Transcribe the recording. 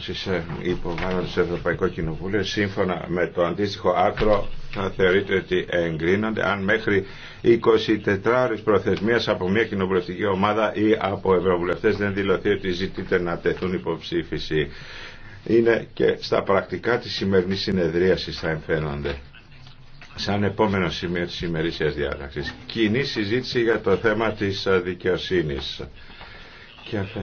Σε υποβάλλονται σε Ευρωπαϊκό Κοινοβούλιο σύμφωνα με το αντίστοιχο άρθρο θα θεωρείται ότι εγκρίνονται αν μέχρι 24 ώρες προθεσμίας από μια κοινοβουλευτική ομάδα ή από ευρωβουλευτές δεν δηλωθεί ότι ζητείται να τεθούν υποψήφιση. Είναι και στα πρακτικά της σημερινής συνεδρίασης θα εμφαίνονται. Σαν επόμενο σημείο της ημερήσιας διάταξης. Κοινή συζήτηση για το θέμα της δικαιοσύνης.